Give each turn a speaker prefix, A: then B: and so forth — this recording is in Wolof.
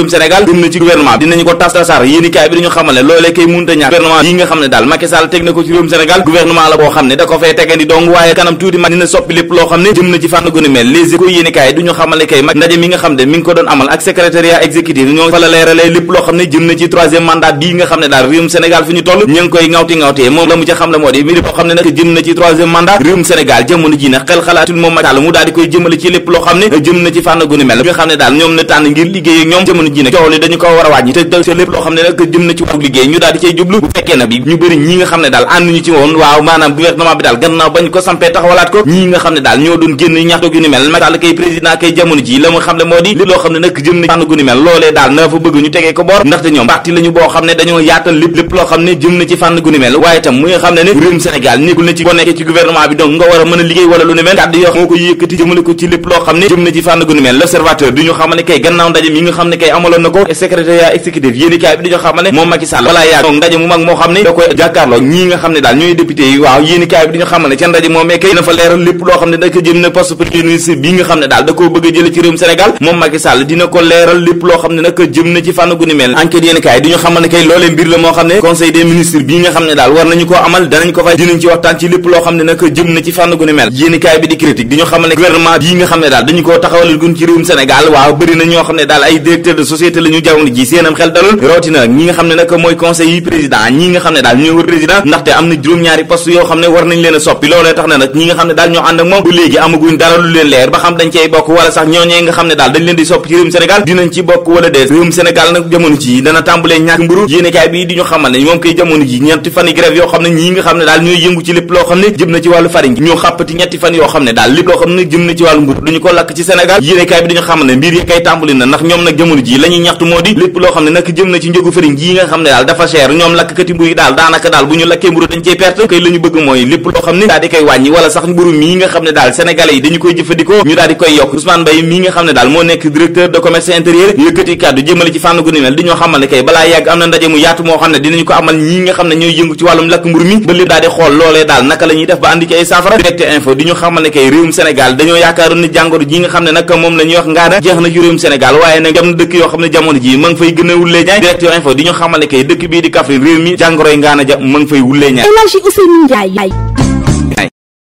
A: réewum Sénégal jëm na ci gouvernement bi dinañu mandat bii nga xam ne daal réewum Sénégal fi ñu toll ñu koy ŋawti ŋawtee moom la mu ca ne moo di mbir boo xam jëm na ci troisième xel xalaatul moom Macky Sall mu daal koy jëmale ci lépp loo xam ne jëm na ci fànn gu mel nga xam ne daal ñoom na tànn ngir liggéey ñoom jamono ji nag coow li dañu ko war a loo xam ne nag jëm na ci wàllu liggéey ñu daal di cay jublu bu fekkee na bi ñu ne daal ànduñu ci woon bi daal gannaaw bañ ko sampee taxawalaat ko ñi nga ne mel Macky Sall kay président kay jamono ji moo di lépp loo ko boor lépp loo xam ne jëm na ci fànn gu mel waaye itam mu nga ne ne réewum Sénégal moo ko yëkkati jëmale ko ci lépp loo xam ne jëm na ci fànn gu mel l'observateur du ñu xam ne kay gannaaw Ndiaye amaloon na ko secrétariat exécutif yéenekaay bi dañoo xamal ne moom Macky Sall balaa yàgg ndaje mu mag moo xam ne daal ndaje moom mekkee ci réewum dina ko leeral lépp loo xam ne nag jëm ne ci fànn gu mel yéenekaay bi di critique di xamal ne gouvernement bii nga xam ne daal dañu koo taxawalal gun ci réewum Sénégal waaw bëri na ñoo xam ne daal ay directeur de société la ji seenam xel dalul rawatina ñi nga xam ne nag mooy conseil yi président ñi nga xam ne daal ñoo yëngu ci lépp loo xam ne jëm ne ci wàllu mburu duñu ko lakk ci Sénégal yéenekaay bi di xamal ne mbir kay tàmbali na ndax ñoom nag jamono ji ji la ñuy ñaxtu moo di lépp loo xam ne nag jëm na ci njëgu fëriñ ji nga xam ne daal dafa cher ñoom lakkati mburu mburu la ñu yi daal di na naka la def ba andi ci ay saafara direct info di ñu xamal ne kay réewum Sénégal dañoo yaakaaroon ne jàngoro ji nga xam ne nag moom la wax ngaana jeex na ci réewum Sénégal waaye nag dem na dëkk yoo xam ne jamono ji man ngi fay gën a wullee ñaay direct info di ñu xamal ne kay dëkk bii di Kaffrine réew mi jàngoroy ngaana ja ma fay wullee ñaay